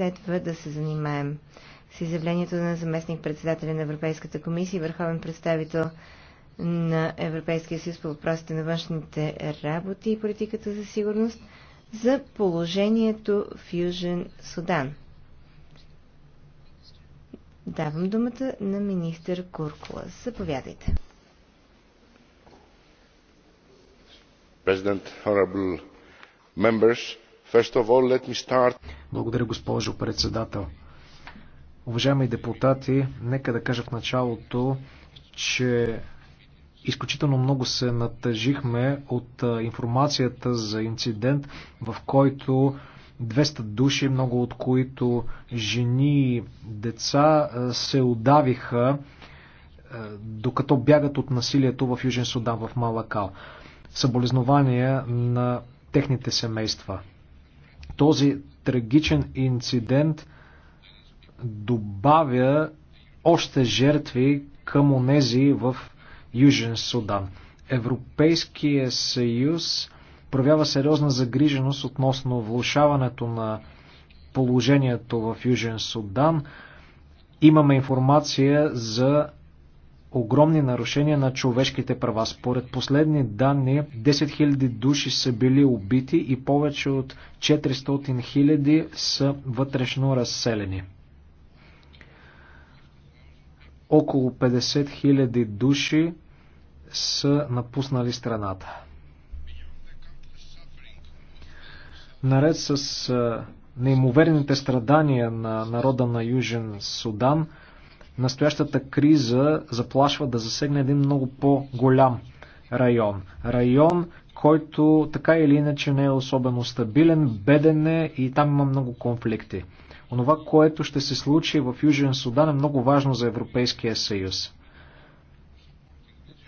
следва да се занимаем с изявлението на заместник-председателя на Европейската комисия и върховен представител на Европейския съюз по въпросите на външните работи и политиката за сигурност за положението в Южен Судан. Давам думата на министър Куркула. Заповядайте. Президент, honorable members, благодаря, госпожо председател. Уважаеми депутати, нека да кажа в началото, че изключително много се натъжихме от информацията за инцидент, в който 200 души, много от които жени и деца, се удавиха докато бягат от насилието в Южен Судан, в Малакал. Съболезнования на техните семейства. Този трагичен инцидент добавя още жертви към онези в Южен Судан. Европейския съюз проявява сериозна загриженост относно влушаването на положението в Южен Судан. Имаме информация за огромни нарушения на човешките права. Според последни данни, 10 000 души са били убити и повече от 400 000 са вътрешно разселени. Около 50 000 души са напуснали страната. Наред с неимоверните страдания на народа на Южен Судан – настоящата криза заплашва да засегне един много по-голям район. Район, който така или иначе не е особено стабилен, беден е и там има много конфликти. Онова, което ще се случи в Южен Судан е много важно за Европейския съюз.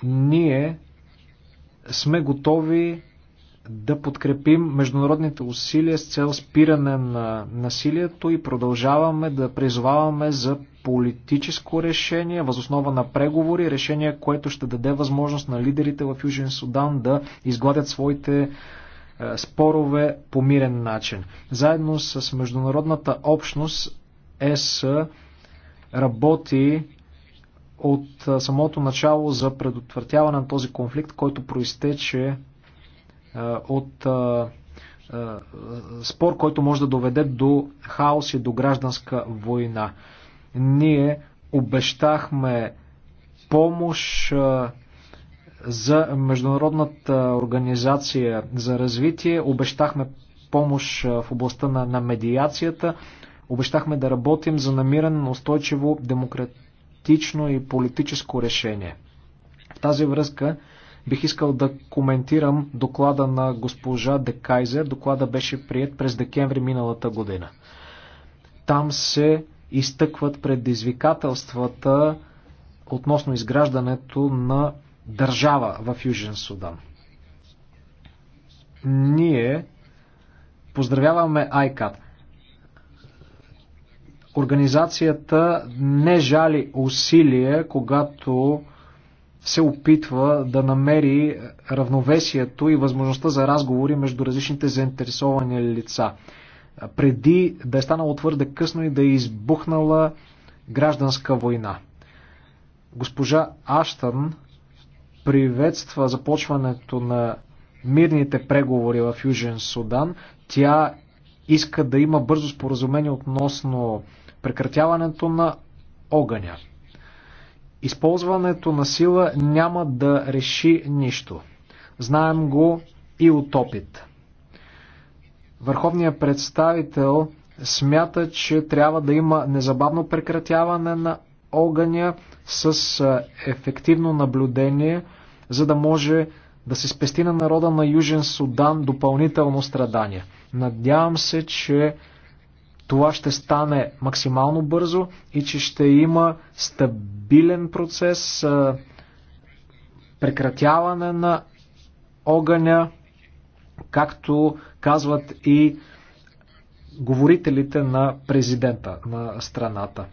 Ние сме готови да подкрепим международните усилия с цел спиране на насилието и продължаваме да призоваваме за политическо решение, възоснова на преговори, решение, което ще даде възможност на лидерите в Южен Судан да изгладят своите е, спорове по мирен начин. Заедно с международната общност ЕС работи от е, самото начало за предотвратяване на този конфликт, който проистече е, от спор, който може да доведе до хаос и до гражданска война. Ние обещахме помощ за Международната организация за развитие, обещахме помощ в областта на, на медиацията, обещахме да работим за намиране на устойчиво демократично и политическо решение. В тази връзка бих искал да коментирам доклада на госпожа Де Кайзер. Доклада беше прият през декември миналата година. Там се изтъкват предизвикателствата относно изграждането на държава в Южен Судан. Ние поздравяваме ICAT. Организацията не жали усилие, когато се опитва да намери равновесието и възможността за разговори между различните заинтересовани лица преди да е станало твърде късно и да е избухнала гражданска война. Госпожа Аштън приветства започването на мирните преговори в Южен Судан. Тя иска да има бързо споразумение относно прекратяването на огъня. Използването на сила няма да реши нищо. Знаем го и от опит. Върховният представител смята, че трябва да има незабавно прекратяване на огъня с ефективно наблюдение, за да може да се спести на народа на Южен Судан допълнително страдания. Надявам се, че това ще стане максимално бързо и че ще има стабилен процес, прекратяване на огъня, както казват и говорителите на президента на страната.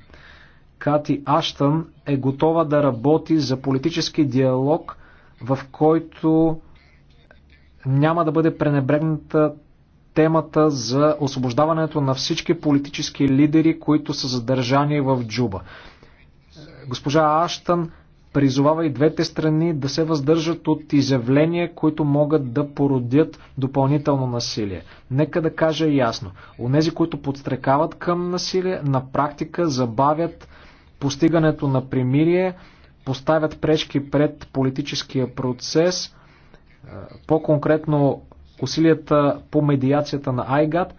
Кати Аштън е готова да работи за политически диалог, в който няма да бъде пренебрегната темата за освобождаването на всички политически лидери, които са задържани в Джуба. Госпожа Аштън призовава и двете страни да се въздържат от изявления, които могат да породят допълнително насилие. Нека да кажа ясно. Онези, които подстрекават към насилие, на практика забавят постигането на примирие, поставят пречки пред политическия процес, по-конкретно усилията по медиацията на Айгад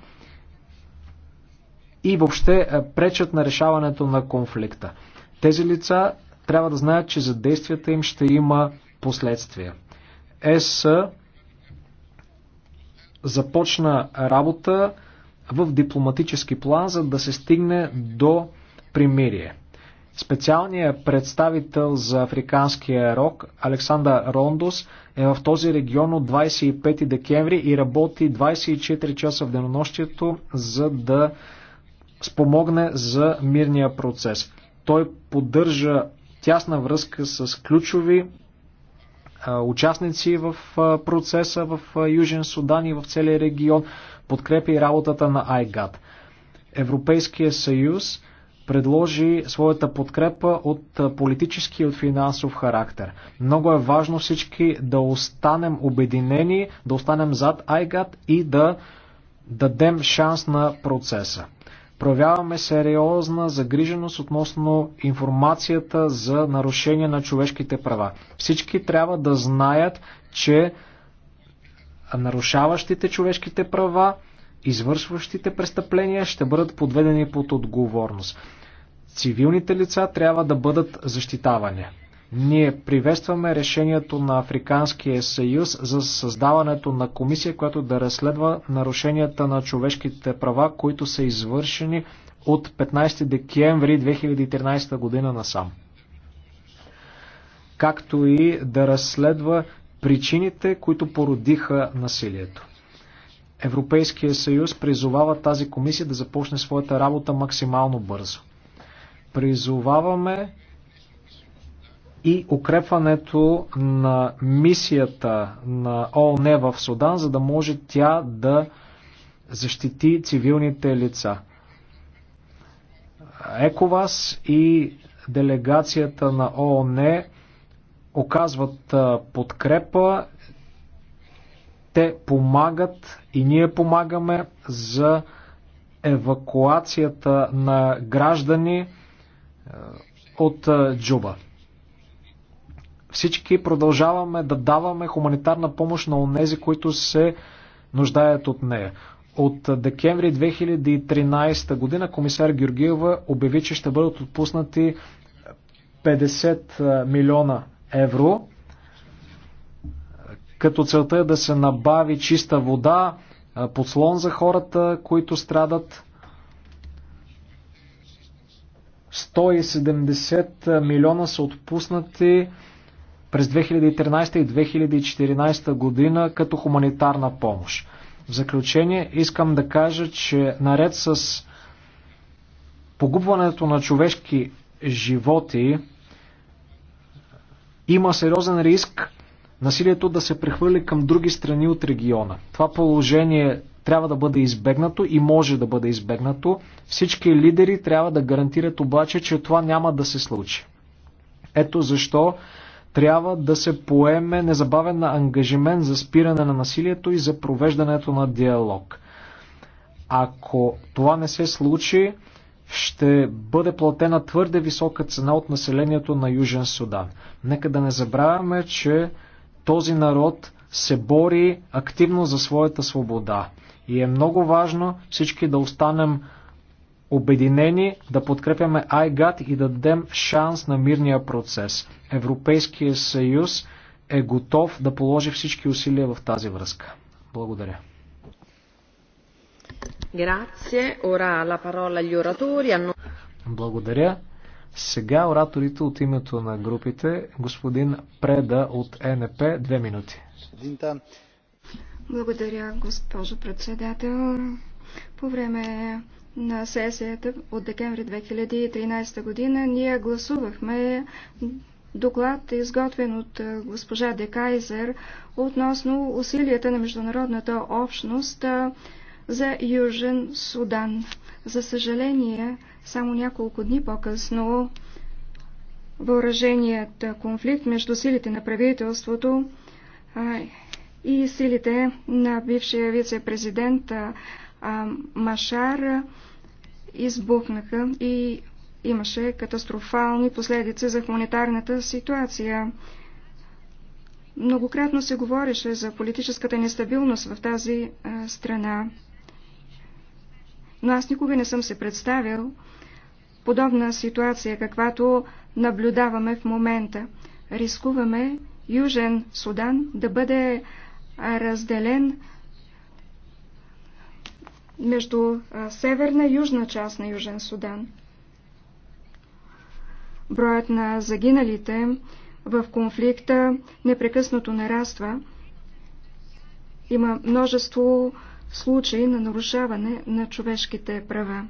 и въобще пречат на решаването на конфликта. Тези лица трябва да знаят, че за действията им ще има последствия. ЕС започна работа в дипломатически план, за да се стигне до примирие. Специалният представител за африканския рок Александър Рондос е в този регион от 25 декември и работи 24 часа в денонощието, за да спомогне за мирния процес. Той поддържа тясна връзка с ключови участници в процеса в Южен Судан и в целия регион, подкрепи работата на Айгад. Европейския съюз предложи своята подкрепа от политически и от финансов характер. Много е важно всички да останем обединени, да останем зад Айгад и да дадем шанс на процеса проявяваме сериозна загриженост относно информацията за нарушение на човешките права. Всички трябва да знаят, че нарушаващите човешките права, извършващите престъпления ще бъдат подведени под отговорност. Цивилните лица трябва да бъдат защитавани. Ние приветстваме решението на Африканския съюз за създаването на комисия, която да разследва нарушенията на човешките права, които са извършени от 15 декември 2013 година насам. Както и да разследва причините, които породиха насилието. Европейския съюз призовава тази комисия да започне своята работа максимално бързо. Призоваваме и укрепването на мисията на ООН в Судан, за да може тя да защити цивилните лица. ЕКОВАС и делегацията на ООН оказват подкрепа, те помагат и ние помагаме за евакуацията на граждани от Джуба. Всички продължаваме да даваме хуманитарна помощ на онези, които се нуждаят от нея. От декември 2013 година комисар Георгиева обяви, че ще бъдат отпуснати 50 милиона евро, като целта е да се набави чиста вода, подслон за хората, които страдат. 170 милиона са отпуснати през 2013 и 2014 година като хуманитарна помощ. В заключение искам да кажа, че наред с погубването на човешки животи има сериозен риск насилието да се прехвърли към други страни от региона. Това положение трябва да бъде избегнато и може да бъде избегнато. Всички лидери трябва да гарантират обаче, че това няма да се случи. Ето защо трябва да се поеме незабавен ангажимент за спиране на насилието и за провеждането на диалог. Ако това не се случи, ще бъде платена твърде висока цена от населението на Южен Судан. Нека да не забравяме, че този народ се бори активно за своята свобода. И е много важно всички да останем обединени да подкрепяме Айгат и да дадем шанс на мирния процес. Европейския съюз е готов да положи всички усилия в тази връзка. Благодаря. Благодаря. Сега ораторите от името на групите. Господин Преда от е НП, две минути. Благодаря, госпожо председател. По време на сесията от декември 2013 година ние гласувахме доклад, изготвен от госпожа Декайзер относно усилията на международната общност за Южен Судан. За съжаление, само няколко дни по-късно въоръженият конфликт между силите на правителството и силите на бившия вице-президент а Машар избухнаха и имаше катастрофални последици за хуманитарната ситуация. Многократно се говореше за политическата нестабилност в тази а, страна, но аз никога не съм се представил подобна ситуация, каквато наблюдаваме в момента. Рискуваме Южен Судан да бъде разделен между северна и южна част на Южен Судан. Броят на загиналите в конфликта непрекъснато нараства. Има множество случаи на нарушаване на човешките права.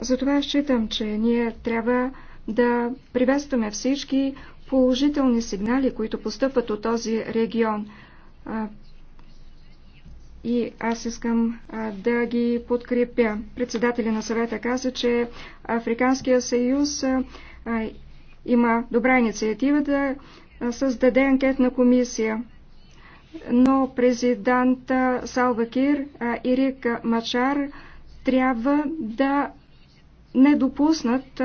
Затова считам, че ние трябва да приветстваме всички положителни сигнали, които постъпват от този регион и аз искам да ги подкрепя. Председателя на съвета каза, че Африканския съюз има добра инициатива да създаде анкетна комисия. Но президент Салва Кир и Рик Мачар трябва да не допуснат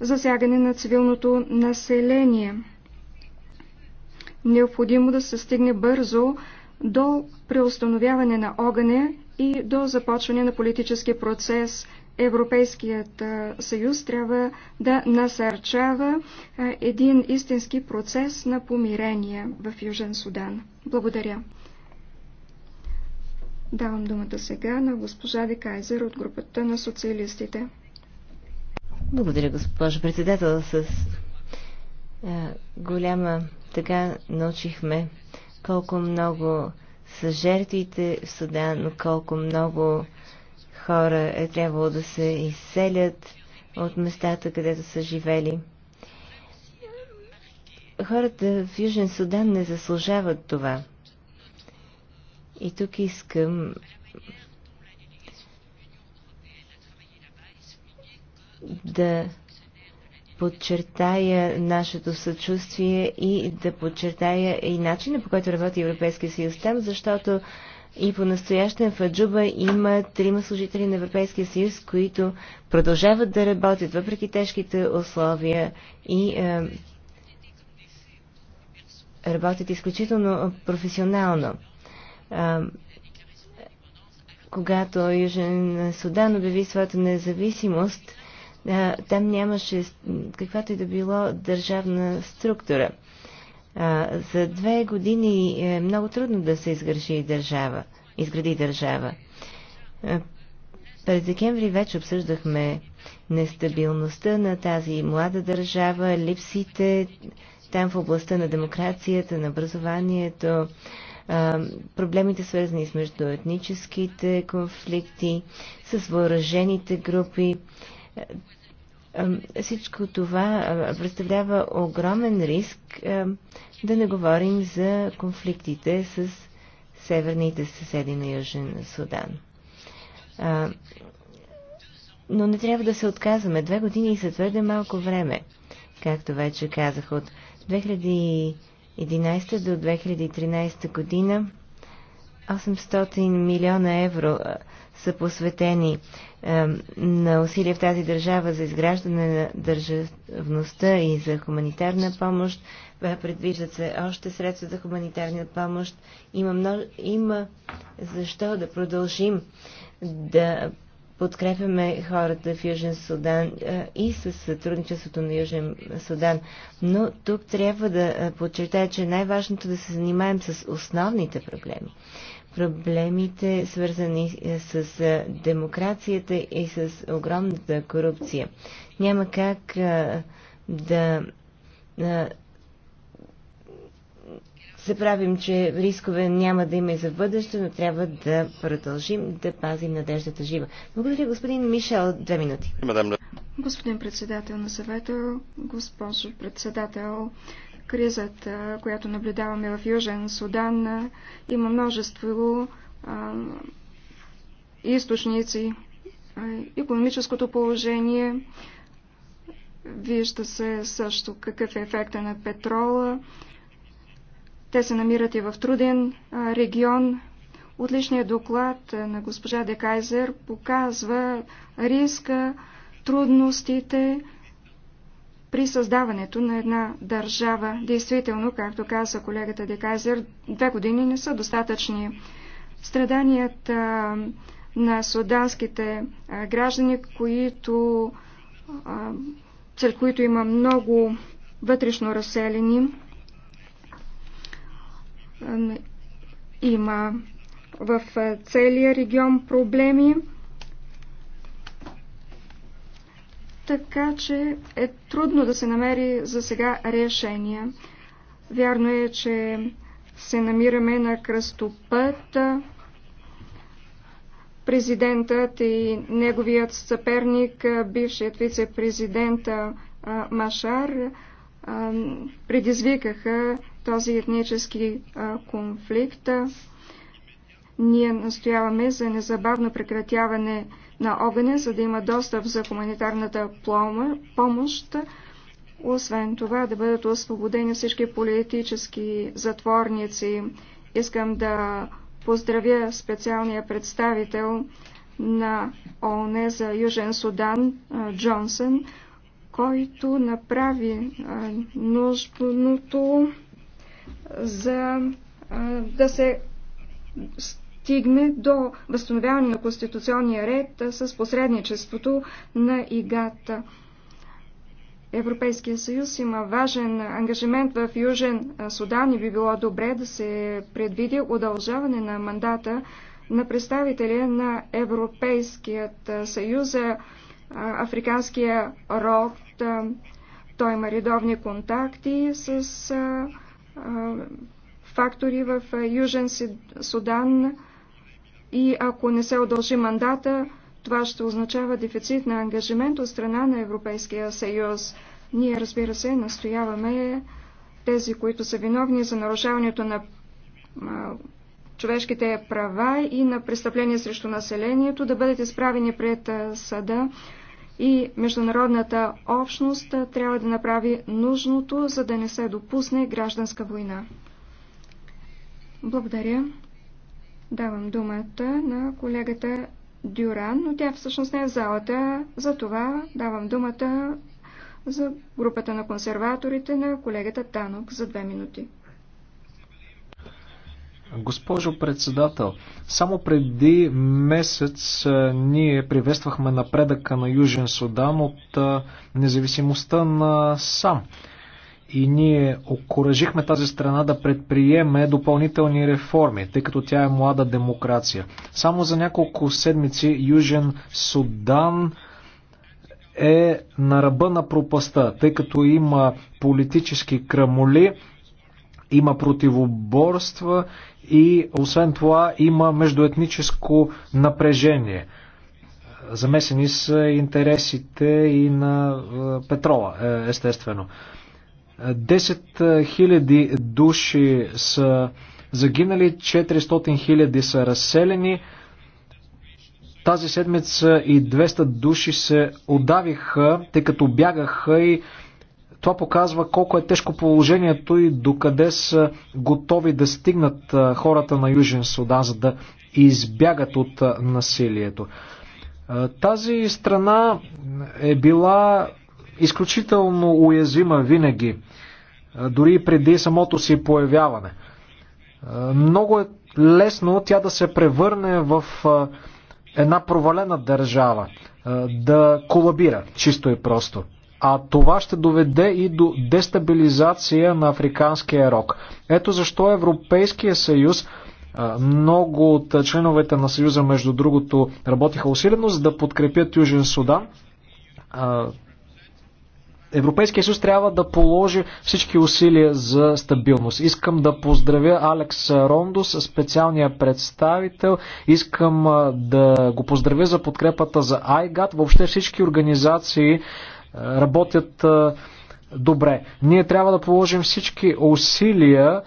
засягане на цивилното население. Необходимо да се стигне бързо до преустановяване на огъня и до започване на политически процес. Европейският съюз трябва да насърчава един истински процес на помирение в Южен Судан. Благодаря. Давам думата сега на госпожа Декайзер от групата на социалистите. Благодаря, госпожо председател. С голяма така научихме колко много са жертвите в Судан, колко много хора е трябвало да се изселят от местата, където са живели. Хората в Южен Судан не заслужават това. И тук искам да подчертая нашето съчувствие и да подчертая и начина по който работи Европейския съюз там, защото и по-настоящен в Аджуба има трима служители на Европейския съюз, които продължават да работят въпреки тежките условия и е, работят изключително професионално. Е, когато Южен Судан обяви своята независимост, там нямаше каквато и да било държавна структура. За две години е много трудно да се изгреши държава, изгради държава. През декември вече обсъждахме нестабилността на тази млада държава, липсите там в областта на демокрацията, на образованието, проблемите свързани с междуетническите конфликти, с въоръжените групи. Е, всичко това представлява огромен риск, да не говорим за конфликтите с северните съседи на Южен Судан. Но не трябва да се отказваме. Две години и са твърде малко време, както вече казах, от 2011 до 2013 година 800 милиона евро са посветени е, на усилия в тази държава за изграждане на държавността и за хуманитарна помощ. Е, предвиждат се още средства за хуманитарна помощ. Има, множ... Има защо да продължим да подкрепяме хората в Южен Судан е, и с сътрудничеството на Южен Судан. Но тук трябва да е, подчертая, че най-важното да се занимаем с основните проблеми проблемите, свързани е, с е, демокрацията и с огромната корупция. Няма как е, да се правим, че рискове няма да има и за бъдеще, но трябва да продължим да пазим надеждата жива. Благодаря, господин Мишел. Две минути. Господин председател на съвета, госпожо председател кризата, която наблюдаваме в Южен Судан, има множество а, източници. Економическото положение вижда се също какъв е ефекта на петрола. Те се намират и в труден а, регион. Отличният доклад на госпожа Декайзер показва риска, трудностите, при създаването на една държава. Действително, както каза колегата Декайзер, две години не са достатъчни. Страданията на суданските граждани, които, сред които има много вътрешно разселени, има в целия регион проблеми. така че е трудно да се намери за сега решение. Вярно е, че се намираме на кръстопът. Президентът и неговият съперник, бившият вице-президент Машар, предизвикаха този етнически конфликт. Ние настояваме за незабавно прекратяване на огъня, за да има достъп за хуманитарната помощ, освен това да бъдат освободени всички политически затворници. Искам да поздравя специалния представител на ООН за Южен Судан Джонсън, който направи нужното за да се стигне до възстановяване на конституционния ред с посредничеството на ИГАТА. Европейския съюз има важен ангажимент в Южен Судан и би било добре да се предвиди удължаване на мандата на представителя на Европейският съюз за африканския род. Той има редовни контакти с фактори в Южен Судан и ако не се удължи мандата, това ще означава дефицит на ангажимент от страна на Европейския съюз. Ние, разбира се, настояваме тези, които са виновни за нарушаването на човешките права и на престъпления срещу населението, да бъдат изправени пред съда и международната общност трябва да направи нужното, за да не се допусне гражданска война. Благодаря. Давам думата на колегата Дюран, но тя всъщност не е в залата. Затова давам думата за групата на консерваторите на колегата Танок за две минути. Госпожо председател, само преди месец е, ние приветствахме напредъка на Южен Судан от е, независимостта на сам и ние окоръжихме тази страна да предприеме допълнителни реформи, тъй като тя е млада демокрация. Само за няколко седмици Южен Судан е на ръба на пропаста, тъй като има политически крамоли, има противоборства и освен това има междуетническо напрежение. Замесени са интересите и на е, петрола, е, естествено. 10 000 души са загинали, 400 000 са разселени. Тази седмица и 200 души се отдавиха, тъй като бягаха и това показва колко е тежко положението и докъде са готови да стигнат хората на Южен Судан, за да избягат от насилието. Тази страна е била изключително уязвима винаги, дори преди самото си появяване. Много е лесно тя да се превърне в една провалена държава, да колабира, чисто и просто. А това ще доведе и до дестабилизация на африканския рок. Ето защо Европейския съюз много от членовете на Съюза, между другото, работиха усилено, за да подкрепят Южен Судан. Европейския съюз трябва да положи всички усилия за стабилност. Искам да поздравя Алекс Рондос, специалния представител. Искам да го поздравя за подкрепата за IGAT. Въобще всички организации работят добре. Ние трябва да положим всички усилия.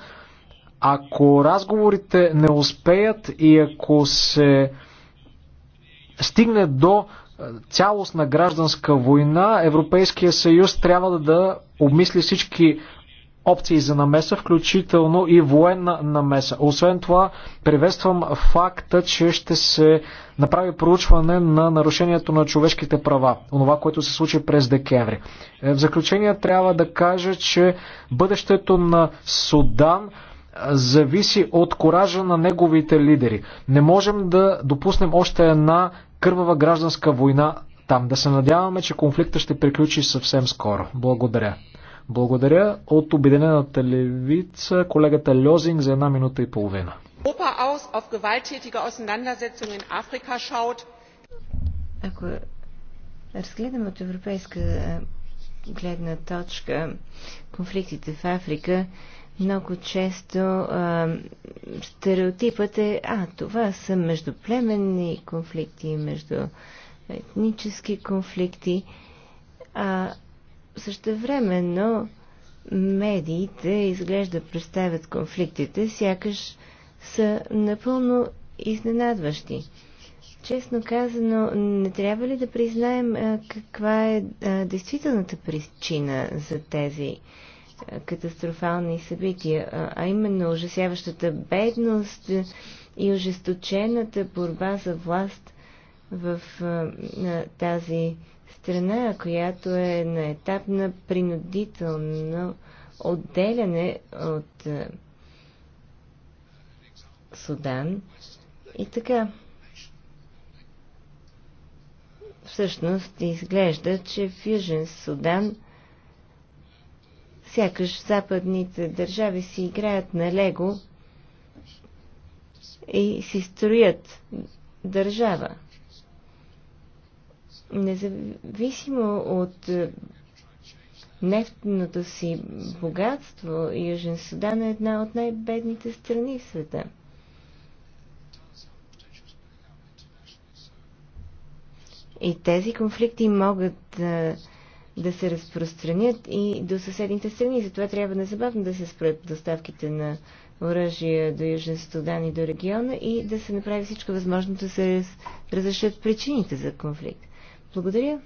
Ако разговорите не успеят и ако се стигне до цялостна гражданска война, Европейския съюз трябва да обмисли всички опции за намеса, включително и военна намеса. Освен това, приветствам факта, че ще се направи проучване на нарушението на човешките права, онова, което се случи през декември. Е, в заключение трябва да кажа, че бъдещето на Судан е, зависи от коража на неговите лидери. Не можем да допуснем още една кървава гражданска война там. Да се надяваме, че конфликта ще приключи съвсем скоро. Благодаря. Благодаря от Обединената левица колегата Льозинг за една минута и половина. Ако разгледам от европейска гледна точка конфликтите в Африка, много често а, стереотипът е, а, това са междуплеменни конфликти, между етнически конфликти, а същевременно медиите изглежда представят конфликтите, сякаш са напълно изненадващи. Честно казано, не трябва ли да признаем а, каква е а, действителната причина за тези катастрофални събития, а именно ужасяващата бедност и ожесточената борба за власт в тази страна, която е на етап на принудително отделяне от Судан. И така, всъщност изглежда, че в Южен Судан – Сякаш западните държави си играят на лего и си строят държава. Независимо от нефтното си богатство, Южен Судан е една от най-бедните страни в света. И тези конфликти могат да да се разпространят и до съседните страни. Затова трябва незабавно да се спрат доставките на оръжия до Южен Судан и до региона и да се направи всичко възможно да се разрешат причините за конфликт. Благодаря.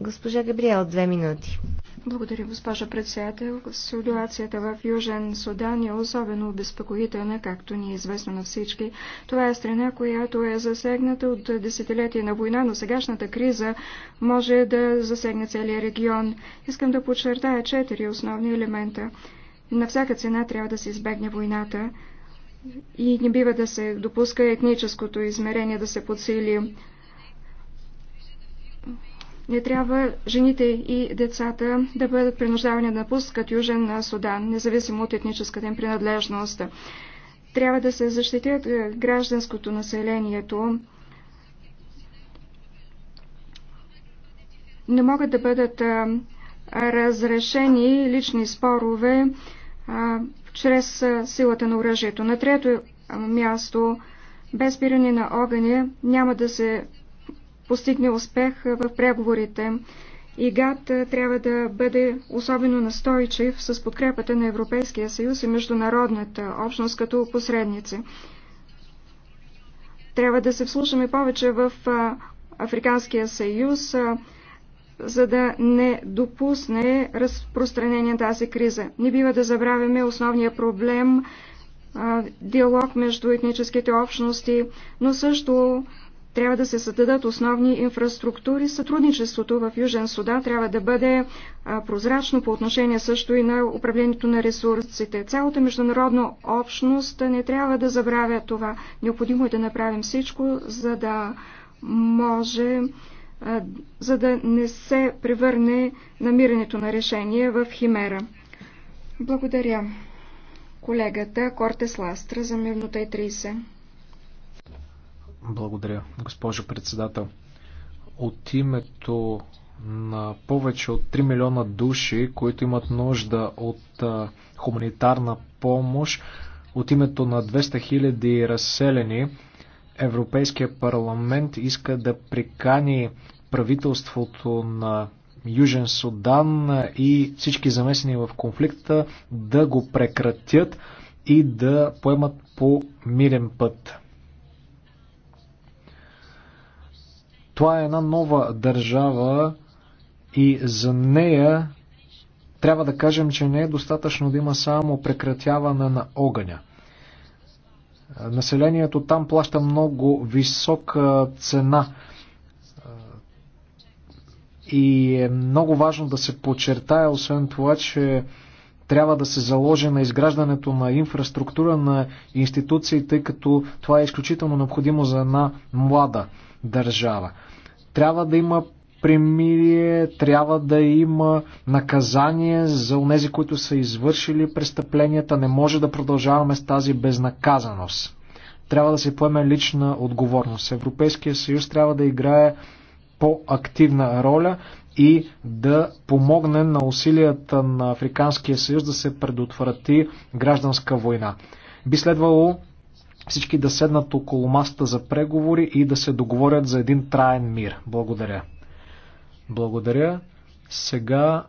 Госпожа Габриел, две минути. Благодаря, госпожа председател. Ситуацията в Южен Судан е особено обезпокоителна, както ни е известно на всички. Това е страна, която е засегната от десетилетия на война, но сегашната криза може да засегне целия регион. Искам да подчертая четири основни елемента. На всяка цена трябва да се избегне войната и не бива да се допуска етническото измерение да се подсили. Не трябва жените и децата да бъдат принуждавани да напускат Южен Судан, независимо от етническата им принадлежност. Трябва да се защитят е, гражданското населението. Не могат да бъдат е, разрешени лични спорове а, е, чрез силата на оръжието. На трето място, без пиране на огъня няма да се постигне успех в преговорите. И ГАТ трябва да бъде особено настойчив с подкрепата на Европейския съюз и международната общност като посредници. Трябва да се вслушаме повече в Африканския съюз, за да не допусне разпространение на тази криза. Не бива да забравяме основния проблем диалог между етническите общности, но също трябва да се създадат основни инфраструктури. Сътрудничеството в Южен Судан трябва да бъде прозрачно по отношение също и на управлението на ресурсите. Цялата международна общност не трябва да забравя това. Необходимо е да направим всичко, за да може за да не се превърне намирането на решение в химера. Благодаря колегата Кортес Ластра за минута и 30. Благодаря, госпожо председател. От името на повече от 3 милиона души, които имат нужда от а, хуманитарна помощ, от името на 200 хиляди разселени, Европейския парламент иска да прикани правителството на Южен Судан и всички замесени в конфликта да го прекратят и да поемат по мирен път. Това е една нова държава и за нея трябва да кажем, че не е достатъчно да има само прекратяване на огъня. Населението там плаща много висока цена и е много важно да се подчертая, освен това, че трябва да се заложи на изграждането на инфраструктура на институции, тъй като това е изключително необходимо за една млада държава. Трябва да има примирие, трябва да има наказание за онези, които са извършили престъпленията. Не може да продължаваме с тази безнаказаност. Трябва да се поеме лична отговорност. Европейския съюз трябва да играе по-активна роля и да помогне на усилията на Африканския съюз да се предотврати гражданска война. Би следвало всички да седнат около маста за преговори и да се договорят за един траен мир. Благодаря. Благодаря. Сега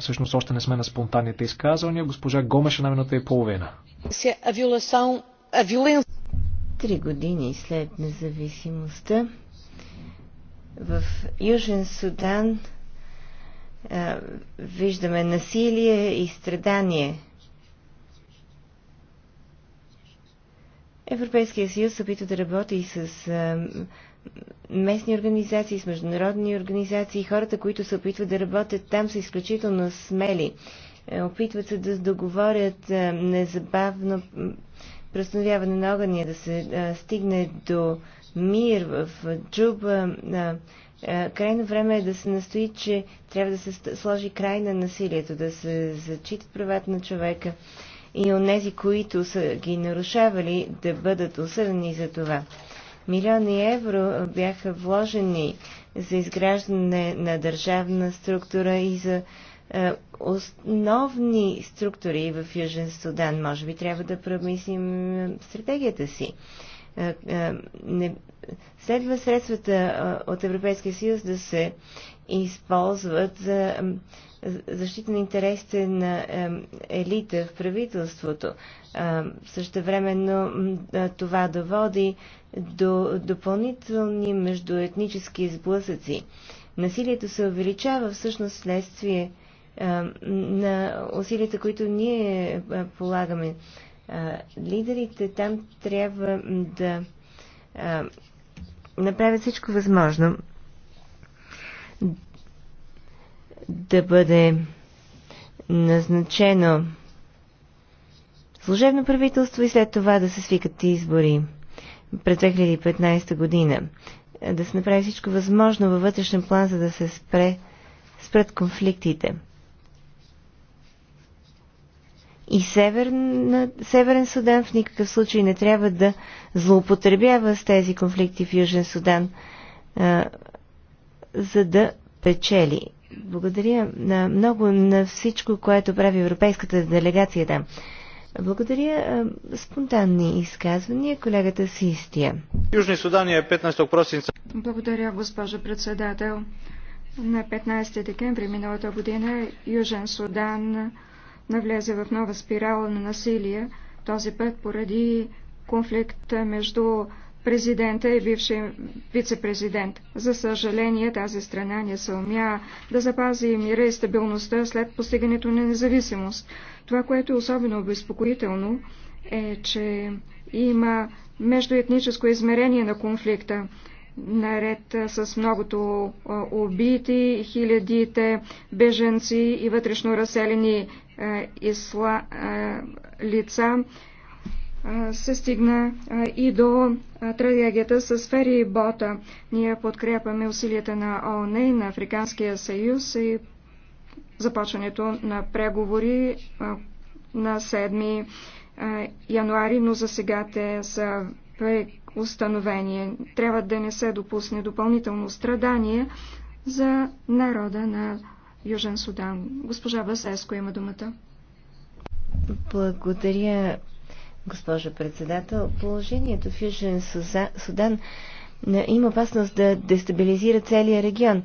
всъщност още не сме на спонтанните изказвания. Госпожа Гомеш на минута и половина. Три години след независимостта в Южен Судан виждаме насилие и страдание – Европейския съюз се опитва да работи и с а, местни организации, с международни организации. Хората, които се опитват да работят там, са изключително смели. Е, опитват се да договорят а, незабавно престановяване на огъня, да се а, стигне до мир в Джуба. Крайно време е да се настои, че трябва да се сложи край на насилието, да се зачитат правата на човека и онези, които са ги нарушавали, да бъдат осъдени за това. Милиони евро бяха вложени за изграждане на държавна структура и за е, основни структури в Южен Судан. Може би трябва да промислим стратегията си. Е, е, не, следва средствата е, от Европейския съюз да се използват за защита на интересите на елита в правителството. Също Същевременно това доводи до допълнителни междуетнически сблъсъци. Насилието се увеличава всъщност следствие на усилията, които ние полагаме лидерите там трябва да направят всичко възможно да бъде назначено служебно правителство и след това да се свикат избори през 2015 година. Да се направи всичко възможно във вътрешен план, за да се спре, спрат конфликтите. И Северна, Северен Судан в никакъв случай не трябва да злоупотребява с тези конфликти в Южен Судан, а, за да печели. Благодаря на много на всичко, което прави Европейската делегация там. Благодаря. А, спонтанни изказвания. Колегата си Систия. Южни Судан е 15 просинца. Благодаря, госпожа председател. На 15 декември миналата година Южен Судан навлезе в нова спирала на насилие, този път поради конфликт между президента и бившия вице-президент. За съжаление, тази страна не се умя да запази мира и стабилността след постигането на независимост. Това, което е особено обезпокоително, е, че има междуетническо измерение на конфликта наред с многото убити, хилядите беженци и вътрешно разселени исла, лица, се стигна и до трагедията с Фери Бота. Ние подкрепяме усилията на ООН и на Африканския съюз и започването на преговори на 7 януари, но за сега те са установение. Трябва да не се допусне допълнително страдание за народа на Южен Судан. Госпожа Басеско има думата. Благодаря, госпожа председател. Положението в Южен Судан е, има опасност да дестабилизира целия регион.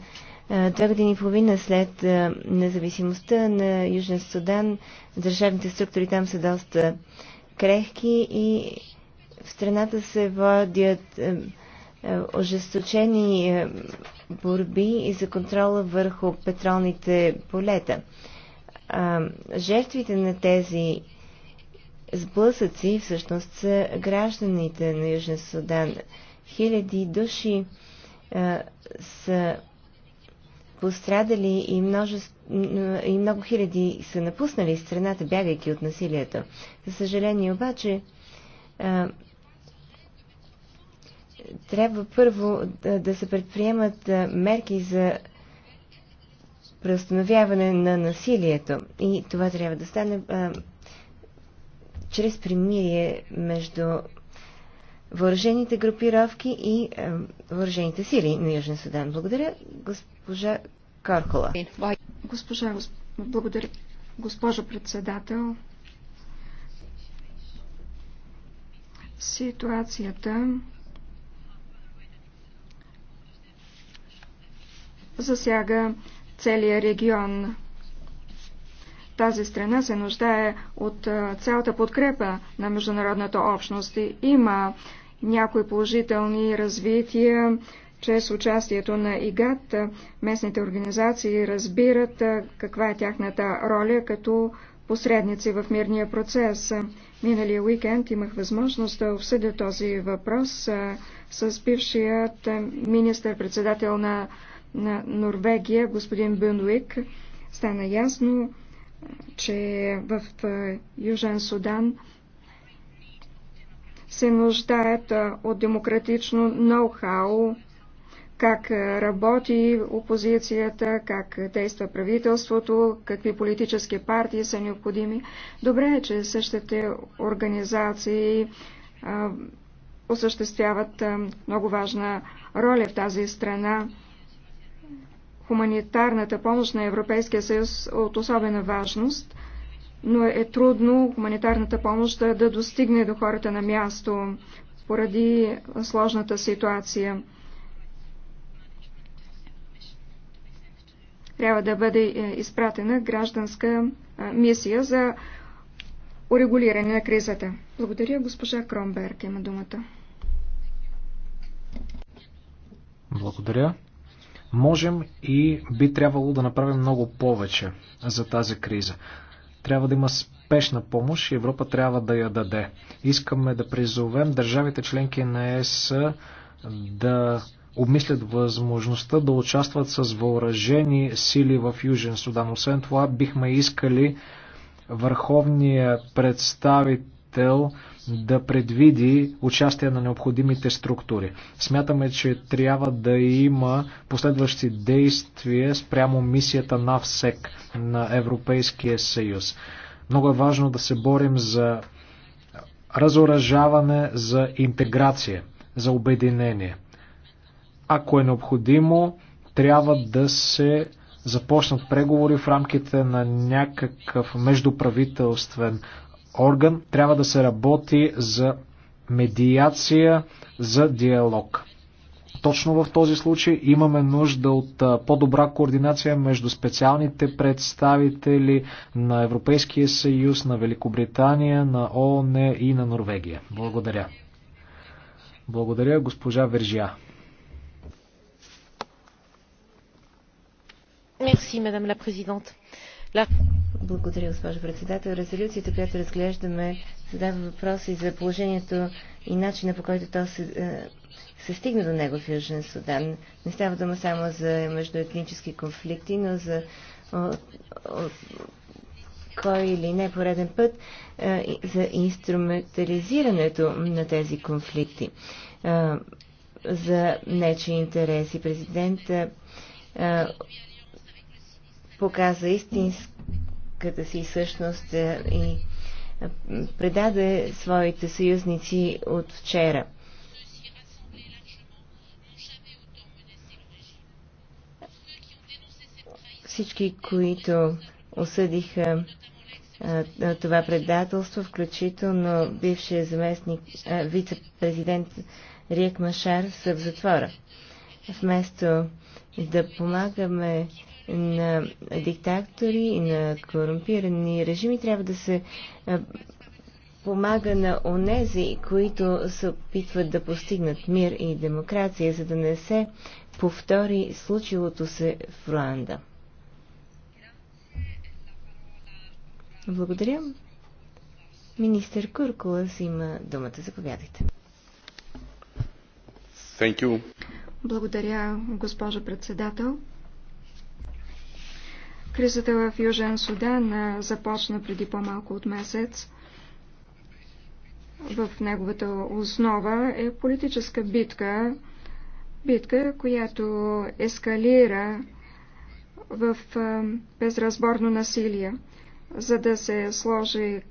Е, две години и половина след е, независимостта на Южен Судан, държавните структури там са доста крехки и в страната се водят е, е, ожесточени е, борби и за контрола върху петролните полета. Жертвите на тези сблъсъци всъщност са гражданите на Южен Судан. Хиляди души са пострадали и, множество, и много хиляди са напуснали страната, бягайки от насилието. За съжаление обаче, трябва първо да, да се предприемат мерки за преустановяване на насилието. И това трябва да стане а, чрез примирие между въоръжените групировки и а, въоръжените сили на Южен Судан. Благодаря, госпожа Каркола. Госпожа, госп... благодаря, госпожо председател. Ситуацията засяга целия регион. Тази страна се нуждае от цялата подкрепа на международната общност. Има някои положителни развития чрез участието на ИГАТ. Местните организации разбират каква е тяхната роля като посредници в мирния процес. Миналия уикенд имах възможност да обсъдя този въпрос с бившият министър-председател на на Норвегия, господин Бюнвик, стана ясно, че в Южен Судан се нуждаят от демократично ноу-хау, как работи опозицията, как действа правителството, какви политически партии са необходими. Добре е, че същите организации осъществяват много важна роля в тази страна хуманитарната помощ на Европейския съюз от особена важност, но е трудно хуманитарната помощ да, да достигне до хората на място поради сложната ситуация. Трябва да бъде е, изпратена гражданска е, мисия за урегулиране на кризата. Благодаря, госпожа Кромберг има думата. Благодаря. Можем и би трябвало да направим много повече за тази криза. Трябва да има спешна помощ и Европа трябва да я даде. Искаме да призовем държавите членки на ЕС да обмислят възможността да участват с въоръжени сили в Южен Судан. Освен това, бихме искали върховния представител да предвиди участие на необходимите структури. Смятаме, че трябва да има последващи действия спрямо мисията на ВСЕК на Европейския съюз. Много е важно да се борим за разоръжаване, за интеграция, за обединение. Ако е необходимо, трябва да се започнат преговори в рамките на някакъв междуправителствен орган. Трябва да се работи за медиация, за диалог. Точно в този случай имаме нужда от по-добра координация между специалните представители на Европейския съюз, на Великобритания, на ООН и на Норвегия. Благодаря. Благодаря, госпожа Вержия. Merci, madame la благодаря, госпожо председател. Резолюцията, която разглеждаме, задава въпроси за положението и начина по който то се, е, се стигна до него в Южен Судан. Не става дума само за междуетнически конфликти, но за о, о, кой или не пореден път е, за инструментализирането на тези конфликти е, за нечи интереси. президента показа истинската си същност е, и е, предаде своите съюзници от вчера. Всички, които осъдиха е, това предателство, включително бившия заместник, вице-президент Риек Машар са в затвора. Вместо да помагаме на диктатори, и на корумпирани режими, трябва да се помага на онези, които се опитват да постигнат мир и демокрация, за да не се повтори случилото се в Руанда. Благодаря. Министър Куркулас има думата. Заповядайте. Thank you. Благодаря, госпожо председател. Кризата в Южен Судан започна преди по-малко от месец. В неговата основа е политическа битка, битка, която ескалира в безразборно насилие. За да се сложи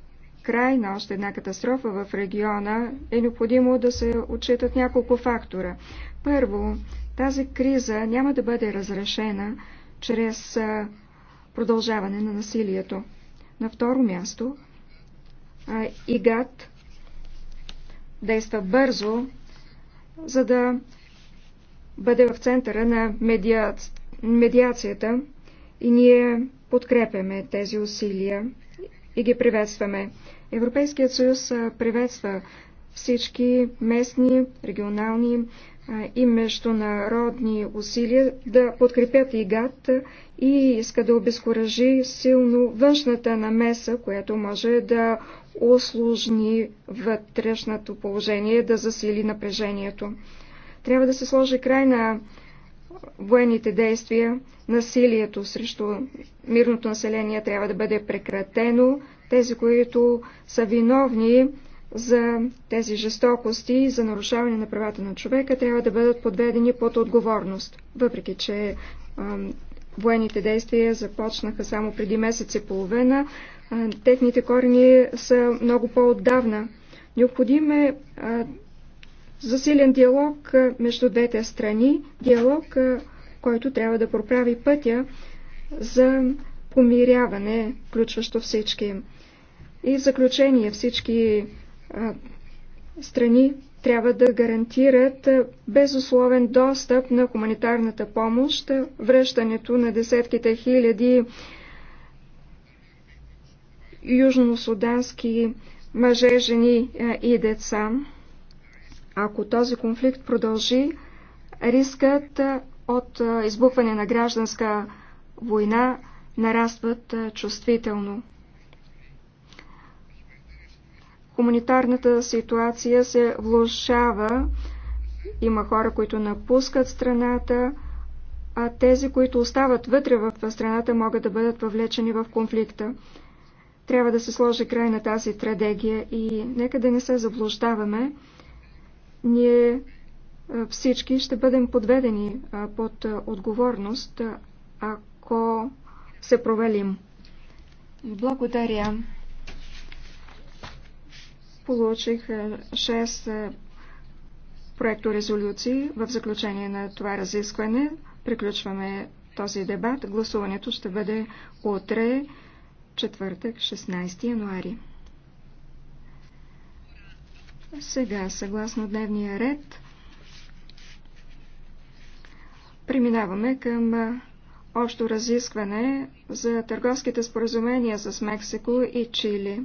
край на още една катастрофа в региона, е необходимо да се отчитат няколко фактора. Първо, тази криза няма да бъде разрешена чрез продължаване на насилието. На второ място, ИГАТ действа бързо, за да бъде в центъра на медиа... медиацията и ние подкрепяме тези усилия и ги приветстваме. Европейският съюз приветства всички местни, регионални и международни усилия да подкрепят ИГАТ и иска да обезкуражи силно външната намеса, която може да осложни вътрешното положение, да засили напрежението. Трябва да се сложи край на военните действия, насилието срещу мирното население трябва да бъде прекратено. Тези, които са виновни, за тези жестокости и за нарушаване на правата на човека трябва да бъдат подведени под отговорност. Въпреки, че военните действия започнаха само преди месец и половина, техните корени са много по-отдавна. Необходим е засилен диалог между двете страни, диалог, който трябва да проправи пътя за помиряване, включващо всички. И в заключение всички страни трябва да гарантират безусловен достъп на хуманитарната помощ, връщането на десетките хиляди южносудански мъже, жени и деца. Ако този конфликт продължи, рискът от избухване на гражданска война нарастват чувствително. Хуманитарната ситуация се влушава. Има хора, които напускат страната, а тези, които остават вътре в страната, могат да бъдат въвлечени в конфликта. Трябва да се сложи край на тази трагедия и нека да не се заблуждаваме. Ние е, всички ще бъдем подведени е, под е, отговорност, ако се провалим. Благодаря. Получих 6 е, е, проекторезолюции в заключение на това разискване. Приключваме този дебат. Гласуването ще бъде утре, четвъртък, 16 януари. Сега, съгласно дневния ред, преминаваме към е, общо разискване за търговските споразумения с Мексико и Чили.